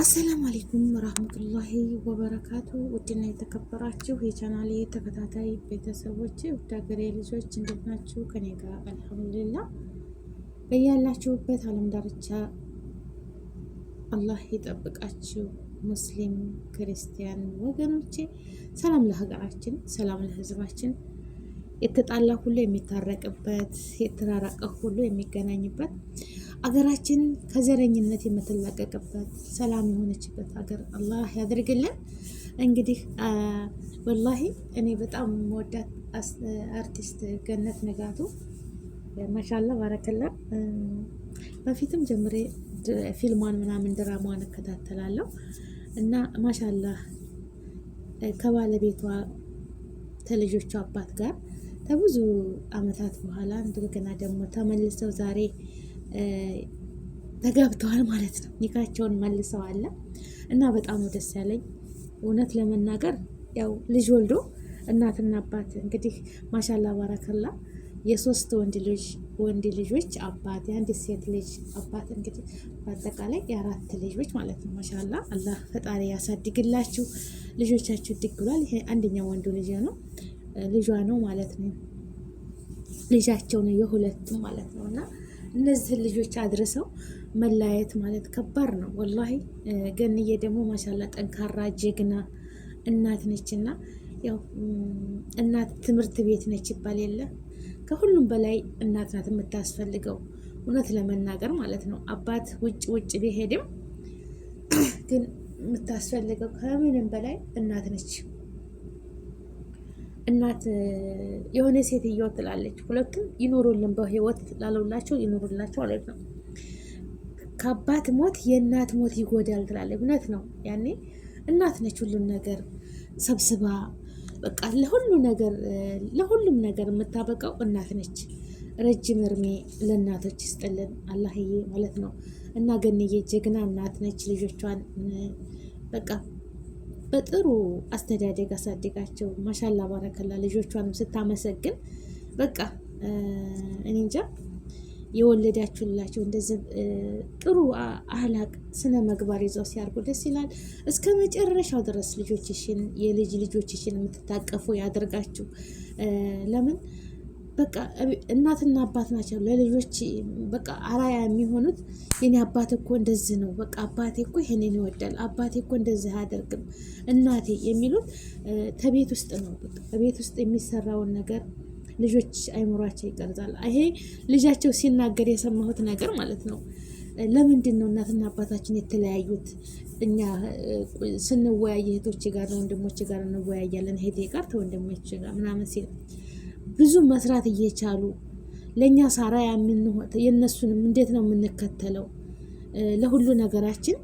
አሰላም አሌይኩም ረህመቱላሂ ወበረካቱ። ውድና የተከበራችሁ የቻናሌ ተከታታይ ቤተሰቦች፣ ውድ ሀገሬ ልጆች እንዴት ናችሁ? ከኔ ጋር አልሐምዱሊላ። በያላችሁበት አለም ዳርቻ አላህ ይጠብቃችሁ። ሙስሊም ክርስቲያን ወገኖቼ ሰላም ለሀገራችን፣ ሰላም ለህዝባችን። የተጣላ ሁሉ የሚታረቅበት፣ የተራራቀ ሁሉ የሚገናኝበት አገራችን ከዘረኝነት የምትላቀቅበት ሰላም የሆነችበት ሀገር አላህ ያደርግልን። እንግዲህ ወላሂ እኔ በጣም መወዳት አርቲስት ገነት ንጋቱ ማሻላ ባረከላ። በፊትም ጀምሬ ፊልሟን ምናምን ድራማዋን እከታተላለሁ እና ማሻላ ከባለቤቷ ከልጆቹ አባት ጋር ከብዙ አመታት በኋላ እንደገና ደግሞ ተመልሰው ዛሬ ተጋብተዋል ማለት ነው። ኒካቸውን መልሰዋል እና በጣም ነው ደስ ያለኝ እውነት ለመናገር ያው ልጅ ወልዶ እናትና አባት እንግዲህ ማሻላ ባረከላ የሶስት ወንድ ልጅ ወንድ ልጆች አባት የአንድ ሴት ልጅ አባት እንግዲህ በአጠቃላይ የአራት ልጆች ማለት ነው። ማሻላ አላህ ፈጣሪ ያሳድግላችሁ። ልጆቻችሁ ድግ ብሏል። ይሄ አንደኛው ወንዱ ልጅ ነው ልጇ ነው ማለት ነው። ልጃቸው ነው የሁለቱም ማለት ነው እና እነዚህን ልጆች አድርሰው መለያየት ማለት ከባድ ነው ወላሂ። ገንዬ ደግሞ ማሻላ ጠንካራ ጀግና እናት ነችና ያው እናት ትምህርት ቤት ነች ይባል የለ ከሁሉም በላይ እናት ናት የምታስፈልገው እውነት ለመናገር ማለት ነው። አባት ውጭ ውጭ ቢሄድም ግን የምታስፈልገው ከምንም በላይ እናት ነች። እናት የሆነ ሴትዮ ትላለች። ሁለቱም ይኖሩልን በህይወት ላለላቸው ይኖሩላቸው ማለት ነው። ከአባት ሞት የእናት ሞት ይጎዳል ትላለች። እውነት ነው። ያኔ እናት ነች ሁሉም ነገር ሰብስባ በቃ ለሁሉ ነገር ለሁሉም ነገር የምታበቃው እናት ነች። ረጅም እርሜ ለእናቶች ይስጥልን አላህዬ ማለት ነው። እና ገንዬ ጀግና እናት ነች። ልጆቿን በቃ በጥሩ አስተዳደግ አሳድጋቸው ማሻላ ባረከላ ልጆቿንም ስታመሰግን በቃ እኔ እንጃ የወለዳችሁላቸው እንደዚህ ጥሩ አህላቅ ስነ መግባር ይዘው ሲያርጉ ደስ ይላል። እስከ መጨረሻው ድረስ ልጆችሽን የልጅ ልጆችሽን የምትታቀፉ ያደርጋችሁ ለምን በቃ እናትና አባት ናቸው ለልጆች በቃ አራያ የሚሆኑት። የኔ አባት እኮ እንደዚህ ነው፣ በቃ አባቴ እኮ ይሄንን ይወዳል፣ አባቴ እኮ እንደዚህ አያደርግም፣ እናቴ የሚሉት ከቤት ውስጥ ነው። ከቤት ውስጥ የሚሰራውን ነገር ልጆች አይምሯቸው ይቀርጻል። ይሄ ልጃቸው ሲናገር የሰማሁት ነገር ማለት ነው። ለምንድን ነው እናትና አባታችን የተለያዩት? እኛ ስንወያይ እህቶች ጋር ወንድሞች ጋር እንወያያለን፣ ሄቴ ጋር ተወንድሞች ጋር ምናምን ሲል ብዙ መስራት እየቻሉ ለእኛ ሳራ የእነሱንም እንዴት ነው የምንከተለው? ለሁሉ ነገራችን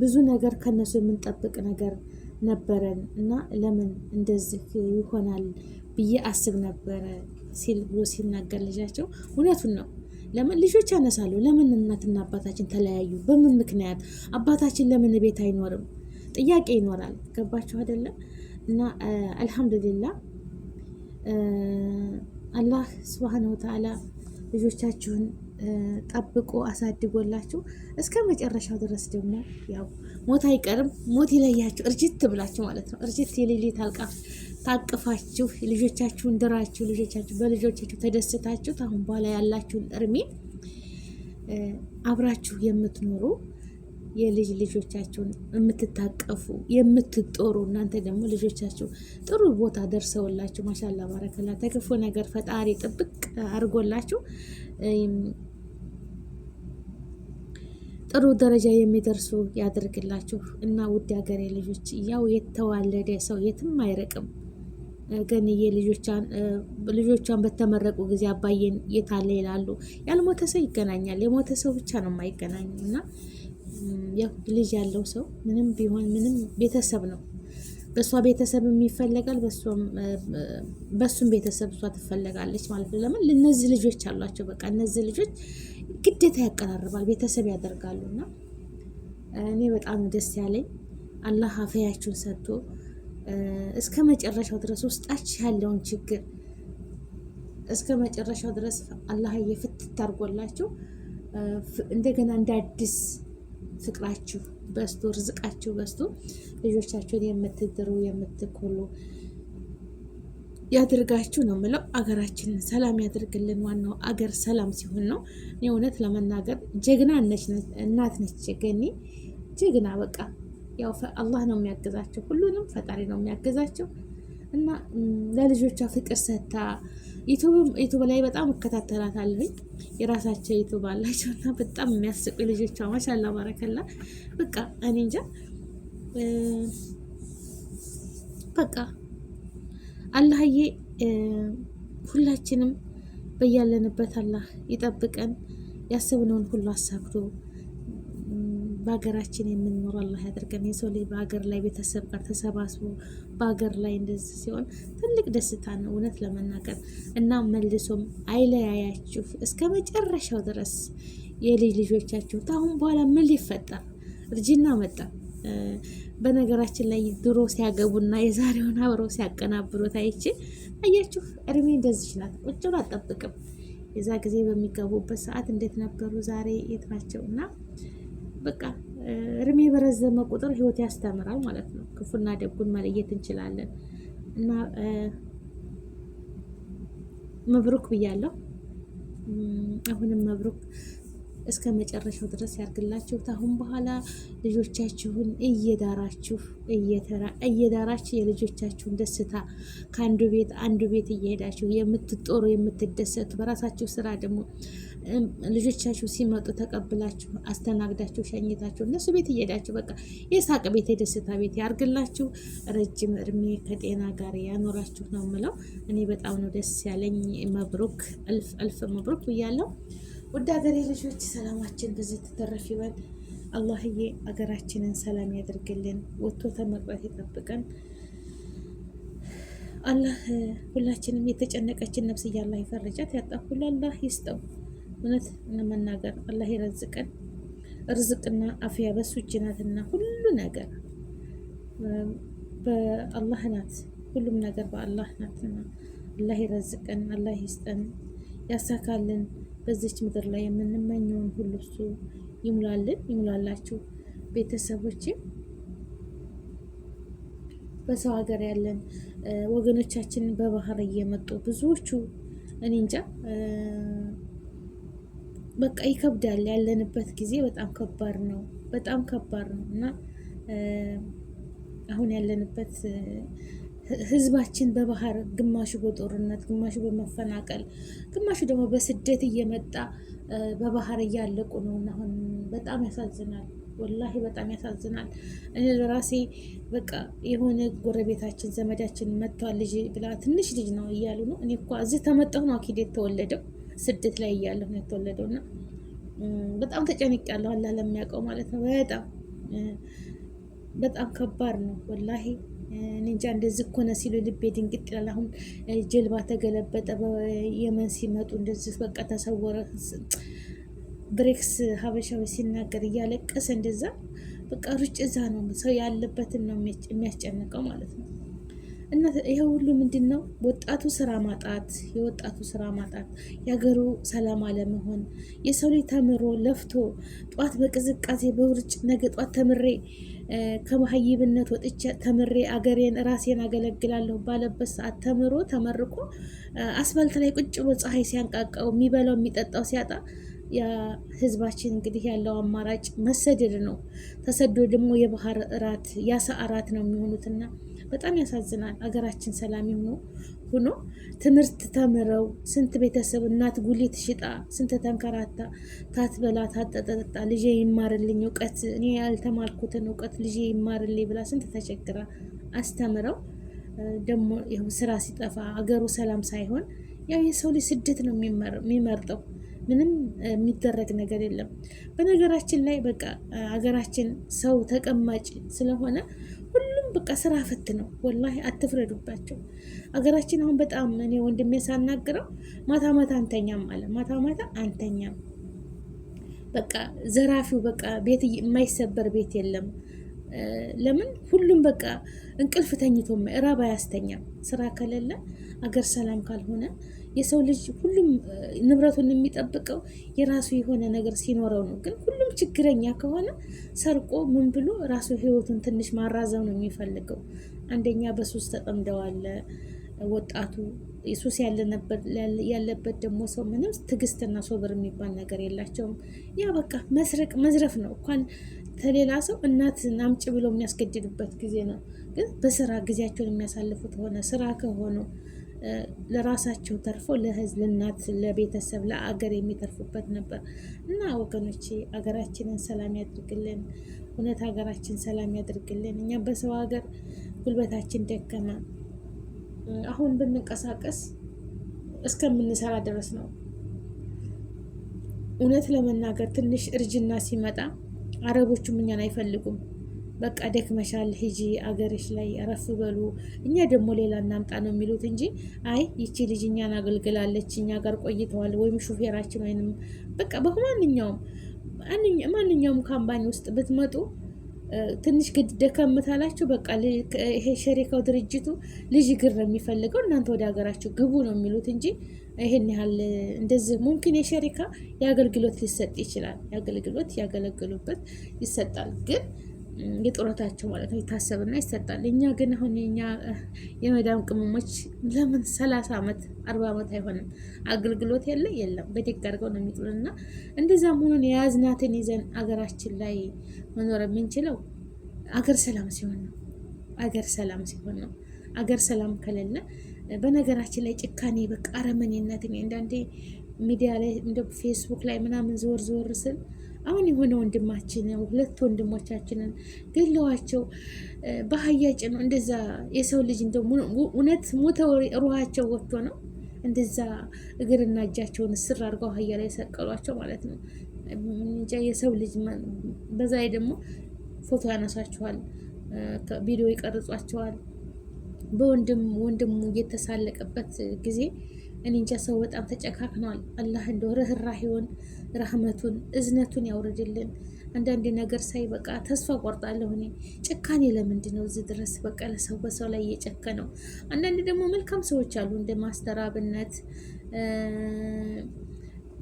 ብዙ ነገር ከነሱ የምንጠብቅ ነገር ነበረን እና ለምን እንደዚህ ይሆናል ብዬ አስብ ነበረ ሲል ብሎ ሲናገር ልጃቸው እውነቱን ነው። ለምን ልጆች ያነሳሉ? ለምን እናትና አባታችን ተለያዩ? በምን ምክንያት አባታችን ለምን ቤት አይኖርም? ጥያቄ ይኖራል። ገባችሁ አይደለም? እና አልሐምዱሊላ አላህ ስብሓን ወተዓላ ልጆቻችሁን ጠብቆ አሳድጎላችሁ እስከ መጨረሻው ድረስ ደግሞ ያው ሞት አይቀርም። ሞት ይለያችሁ እርጅት ብላችሁ ማለት ነው። እርጅት የሌሌ ታቅፋችሁ ልጆቻችሁን ድራችሁ ልጆቻችሁ በልጆቻችሁ ተደስታችሁ አሁን በኋላ ያላችሁን እርሜ አብራችሁ የምትኖሩ የልጅ ልጆቻችሁን የምትታቀፉ የምትጦሩ እናንተ ደግሞ ልጆቻችሁ ጥሩ ቦታ ደርሰውላችሁ ማሻላ ባረከላ ተክፉ ነገር ፈጣሪ ጥብቅ አድርጎላችሁ ጥሩ ደረጃ የሚደርሱ ያደርግላችሁ እና ውድ ሀገሬ ልጆች፣ ያው የተዋለደ ሰው የትም አይርቅም። ገንዬ ልጆቿን በተመረቁ ጊዜ አባዬን የታለ ይላሉ። ያልሞተ ሰው ይገናኛል። የሞተ ሰው ብቻ ነው የማይገናኙ እና ያው ልጅ ያለው ሰው ምንም ቢሆን ምንም ቤተሰብ ነው። በእሷ ቤተሰብም ይፈለጋል፣ በእሱም ቤተሰብ እሷ ትፈለጋለች ማለት ነው። ለምን እነዚህ ልጆች አሏቸው። በቃ እነዚህ ልጆች ግዴታ ያቀራርባል፣ ቤተሰብ ያደርጋሉ። እና እኔ በጣም ደስ ያለኝ አላህ አፈያችሁን ሰጥቶ እስከ መጨረሻው ድረስ ውስጣች ያለውን ችግር እስከ መጨረሻው ድረስ አላህ እየፍትት አድርጎላችሁ እንደገና እንደ አዲስ ፍቅራችሁ በስቶ ርዝቃችሁ በስቶ ልጆቻችሁን የምትድሩ የምትኮሉ ያድርጋችሁ ነው የምለው። አገራችንን ሰላም ያድርግልን። ዋናው አገር ሰላም ሲሆን ነው። እውነት ለመናገር ጀግና እናት ነች ገኒ፣ ጀግና በቃ ያው አላህ ነው የሚያገዛቸው፣ ሁሉንም ፈጣሪ ነው የሚያገዛቸው እና ለልጆቿ ፍቅር ሰታ ዩቱብ ላይ በጣም እከታተላታለሁኝ። የራሳቸው ዩቱብ አላቸው እና በጣም የሚያስቁ ልጆቿ ማሻላ ባረከላ። በቃ እኔ እንጃ በቃ አላህዬ ሁላችንም በያለንበት አላህ ይጠብቀን፣ ያስብነውን ሁሉ አሳክቶ በሀገራችን የምንኖር አላህ ያደርገን። የሰው ልጅ በሀገር ላይ ቤተሰብ ጋር ተሰባስቦ በሀገር ላይ እንደዚህ ሲሆን ትልቅ ደስታ ነው እውነት ለመናገር እና መልሶም አይለያያችሁ እስከ መጨረሻው ድረስ የልጅ ልጆቻችሁ። ታሁን በኋላ ምን ሊፈጠር እርጅና መጣ። በነገራችን ላይ ድሮ ሲያገቡና የዛሬውን አብረው ሲያቀናብሩ ታይች አያችሁ። እድሜ እንደዚች ናት። ቁጭ ብሎ አጠብቅም። የዛ ጊዜ በሚገቡበት ሰዓት እንዴት ነበሩ፣ ዛሬ የት ናቸው እና በቃ እድሜ በረዘመ ቁጥር ህይወት ያስተምራል ማለት ነው። ክፉና ደጉን መለየት እንችላለን እና መብሩክ ብያለሁ። አሁንም መብሩክ እስከ መጨረሻው ድረስ ያርግላችሁ ታሁን በኋላ ልጆቻችሁን እየዳራችሁ እየዳራችሁ የልጆቻችሁን ደስታ ከአንዱ ቤት አንዱ ቤት እየሄዳችሁ የምትጦሩ የምትደሰቱ፣ በራሳችሁ ስራ ደግሞ ልጆቻችሁ ሲመጡ ተቀብላችሁ አስተናግዳችሁ ሸኝታችሁ እነሱ ቤት እየሄዳችሁ በቃ የሳቅ ቤት የደስታ ቤት ያርግላችሁ። ረጅም እድሜ ከጤና ጋር ያኖራችሁ ነው ምለው። እኔ በጣም ነው ደስ ያለኝ። መብሩክ እልፍ እልፍ መብሩክ ብያለሁ። ውድ ሀገሬ ልጆች ሰላማችን በዚህ ተተረፍ ይበል። አላህዬ አገራችንን ሰላም ያደርግልን፣ ወጥቶ ተመቅረት ይጠብቀን። አላህ ሁላችንም የተጨነቀችን ነፍስ እያላ ይፈረጃት፣ ያጣ ሁሉ አላህ ይስጠው። እውነት ለመናገር አላህ ይረዝቀን። እርዝቅና አፍያ በሱ እጅ ናትና ሁሉ ነገር በአላህ ናት። ሁሉም ነገር በአላህ ናትና አላህ ይረዝቀን፣ አላህ ይስጠን፣ ያሳካልን። በዚች ምድር ላይ የምንመኘውን ሁሉ እሱ ይሙላልን፣ ይሙላላችሁ። ቤተሰቦች በሰው ሀገር ያለን ወገኖቻችንን በባህር እየመጡ ብዙዎቹ እኔ እንጃ በቃ ይከብዳል። ያለንበት ጊዜ በጣም ከባድ ነው፣ በጣም ከባድ ነው እና አሁን ያለንበት ህዝባችን በባህር ግማሹ በጦርነት ግማሹ በመፈናቀል ግማሹ ደግሞ በስደት እየመጣ በባህር እያለቁ ነው እና አሁን በጣም ያሳዝናል። ወላሂ በጣም ያሳዝናል። እኔ ለራሴ በቃ የሆነ ጎረቤታችን ዘመዳችን መጥተዋል ልጅ ብላ ትንሽ ልጅ ነው እያሉ ነው። እኔ እኮ እዚህ ተመጣሁ ነው አኪድ የተወለደው ስደት ላይ እያለሁ ነው የተወለደው እና በጣም ተጨንቅ ያለሁ አላህ ለሚያውቀው ማለት ነው። በጣም በጣም ከባድ ነው ወላሂ እንጃ እንደዚህ እኮ ነው ሲሉ ልቤ ድንግጥ ይላል። አሁን ጀልባ ተገለበጠ፣ የመን ሲመጡ እንደዚህ በቃ ተሰወረ። ብሬክስ ሀበሻዊ ሲናገር እያለቀሰ እንደዛ በቃ ሩጭ እዛ ነው ሰው ያለበትን ነው የሚያስጨንቀው ማለት ነው። እና ይሄ ሁሉ ምንድን ነው? ወጣቱ ስራ ማጣት፣ የወጣቱ ስራ ማጣት፣ የሀገሩ ሰላም አለመሆን። የሰው ልጅ ተምሮ ለፍቶ ጧት በቅዝቃዜ በውርጭ ነገ ጧት ተምሬ ከመሀይብነት ወጥቼ ተምሬ አገሬን ራሴን አገለግላለሁ ባለበት ሰዓት ተምሮ ተመርቆ አስፋልት ላይ ቁጭ ብሎ ፀሐይ ሲያንቃቃው የሚበላው የሚጠጣው ሲያጣ ህዝባችን እንግዲህ ያለው አማራጭ መሰደድ ነው። ተሰዶ ደግሞ የባህር እራት የአሳ እራት ነው የሚሆኑትና በጣም ያሳዝናል። አገራችን ሰላም ሆኖ ትምህርት ተምረው ስንት ቤተሰብ እናት ጉሊት ሽጣ ስንት ተንከራታ ታትበላ ታጠጠጣ ልጄ ይማርልኝ እውቀት እኔ ያልተማርኩትን እውቀት ልጄ ይማርልኝ ብላ ስንት ተቸግራ አስተምረው ደግሞ ስራ ሲጠፋ አገሩ ሰላም ሳይሆን ያው የሰው ልጅ ስደት ነው የሚመርጠው። ምንም የሚደረግ ነገር የለም። በነገራችን ላይ በቃ ሀገራችን ሰው ተቀማጭ ስለሆነ በቃ ስራ ፈት ነው። ወላሂ አትፍረዱባቸው። አገራችን አሁን በጣም እኔ ወንድሜ ሳናግረው ማታ ማታ አንተኛም አለ። ማታ ማታ አንተኛም በቃ ዘራፊው በቃ ቤት የማይሰበር ቤት የለም። ለምን ሁሉም በቃ እንቅልፍ ተኝቶ እራብ አያስተኛም። ስራ ከሌለ አገር ሰላም ካልሆነ የሰው ልጅ ሁሉም ንብረቱን የሚጠብቀው የራሱ የሆነ ነገር ሲኖረው ነው። ግን ሁሉም ችግረኛ ከሆነ ሰርቆ ምን ብሎ ራሱ ህይወቱን ትንሽ ማራዘም ነው የሚፈልገው። አንደኛ በሱስ ተጠምደዋለ ወጣቱ። ሱስ ያለበት ደግሞ ሰው ምንም ትዕግስትና ሶብር የሚባል ነገር የላቸውም። ያ በቃ መስረቅ መዝረፍ ነው። እንኳን ተሌላ ሰው እናት አምጭ ብሎ የሚያስገድድበት ጊዜ ነው። ግን በስራ ጊዜያቸውን የሚያሳልፉት ሆነ ስራ ከሆኑ ለራሳቸው ተርፎ ለህዝብ፣ ለእናት፣ ለቤተሰብ፣ ለአገር የሚተርፉበት ነበር እና ወገኖች አገራችንን ሰላም ያድርግልን። እውነት ሀገራችን ሰላም ያድርግልን። እኛ በሰው ሀገር ጉልበታችን ደከመ። አሁን ብንንቀሳቀስ እስከምንሰራ ድረስ ነው። እውነት ለመናገር ትንሽ እርጅና ሲመጣ አረቦቹም እኛን አይፈልጉም። በቃ ደክመሻል፣ ሂጂ አገርሽ ላይ ረፍ በሉ፣ እኛ ደግሞ ሌላ እናምጣ ነው የሚሉት እንጂ አይ ይቺ ልጅ እኛን አገልግላለች፣ እኛ ጋር ቆይተዋል፣ ወይም ሹፌራችን ወይንም በቃ በማንኛውም ማንኛውም ካምፓኒ ውስጥ ብትመጡ ትንሽ ግድ ደከምታላችሁ። በቃ ይሄ ሸሪካው ድርጅቱ ልጅ ግር የሚፈልገው እናንተ ወደ ሀገራችሁ ግቡ ነው የሚሉት እንጂ ይሄን ያህል እንደዚህ ሙምኪን የሸሪካ የአገልግሎት ሊሰጥ ይችላል። የአገልግሎት ያገለግሉበት ይሰጣል ግን የጡረታቸው ማለት ነው ይታሰብና ይሰጣል። እኛ ግን አሁን የኛ የመዳም ቅመሞች ለምን ሰላሳ ዓመት አርባ ዓመት አይሆንም አገልግሎት የለ የለም በደግ አድርገው ነው የሚጥሉንና እንደዛ መሆኑን የያዝናትን ይዘን አገራችን ላይ መኖር የምንችለው አገር ሰላም ሲሆን ነው። አገር ሰላም ሲሆን ነው። አገር ሰላም ከሌለ በነገራችን ላይ ጭካኔ በቃ አረመኔነት አንዳንዴ ሚዲያ ላይ እንደ ፌስቡክ ላይ ምናምን ዞር ዞር ስል አሁን የሆነ ወንድማችንን ሁለት ወንድሞቻችንን ገለዋቸው በአህያ ጭነው እንደዛ የሰው ልጅ እንደ እውነት ሞተው ሩሃቸው ወጥቶ ነው እንደዛ እግርና እጃቸውን ስር አድርገው አህያ ላይ የሰቀሏቸው ማለት ነው። የሰው ልጅ በዛ ላይ ደግሞ ፎቶ ያነሷቸዋል፣ ቪዲዮ ይቀርጿቸዋል። በወንድም ወንድሙ እየተሳለቀበት ጊዜ እኔ እንጃ ሰው በጣም ተጨካክኗል። አላህ እንደው ርህራሄውን፣ ረህመቱን፣ እዝነቱን ያውርድልን። አንዳንድ ነገር ሳይ በቃ ተስፋ ቆርጣለሁ። እኔ ጭካኔ ለምንድን ነው እዚህ ድረስ በቃ ለሰው በሰው ላይ እየጨከ ነው? አንዳንድ ደግሞ መልካም ሰዎች አሉ እንደ ማስተራብነት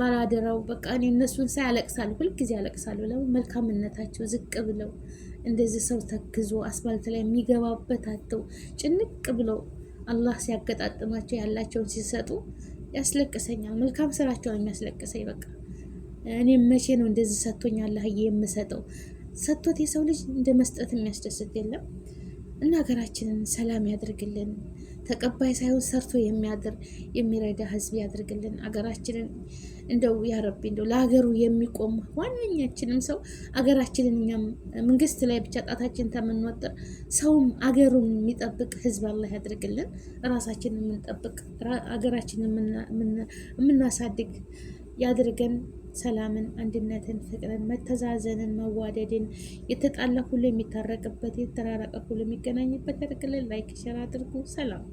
ባላደራው በቃ እኔ እነሱን ሳይ ያለቅሳሉ፣ ሁልጊዜ ያለቅሳሉ። ለምን መልካምነታቸው ዝቅ ብለው እንደዚህ ሰው ተክዞ አስፋልት ላይ የሚገባበት አተው ጭንቅ ብለው አላህ ሲያገጣጥማቸው ያላቸውን ሲሰጡ ያስለቅሰኛል። መልካም ስራቸው የሚያስለቅሰኝ በቃ እኔ መቼ ነው እንደዚህ ሰጥቶኝ አላህዬ የምሰጠው? ሰጥቶት የሰው ልጅ እንደ መስጠት የሚያስደስት የለም እና ሀገራችንን ሰላም ያድርግልን። ተቀባይ ሳይሆን ሰርቶ የሚያድር የሚረዳ ህዝብ ያድርግልን ሀገራችንን እንደው ያረቢ እንደው ለሀገሩ የሚቆም ዋነኛችንም ሰው አገራችንን እኛም መንግስት ላይ ብቻ ጣታችን ተምንወጥር ሰውም አገሩን የሚጠብቅ ህዝብ አላህ ያድርግልን። ራሳችንን የምንጠብቅ አገራችንን የምናሳድግ ያድርገን። ሰላምን፣ አንድነትን፣ ፍቅርን፣ መተዛዘንን፣ መዋደድን የተጣላ ሁሉ የሚታረቅበት የተራራቀ ሁሉ የሚገናኝበት ያድርግልን። ላይክ ሸር አድርጉ። ሰላም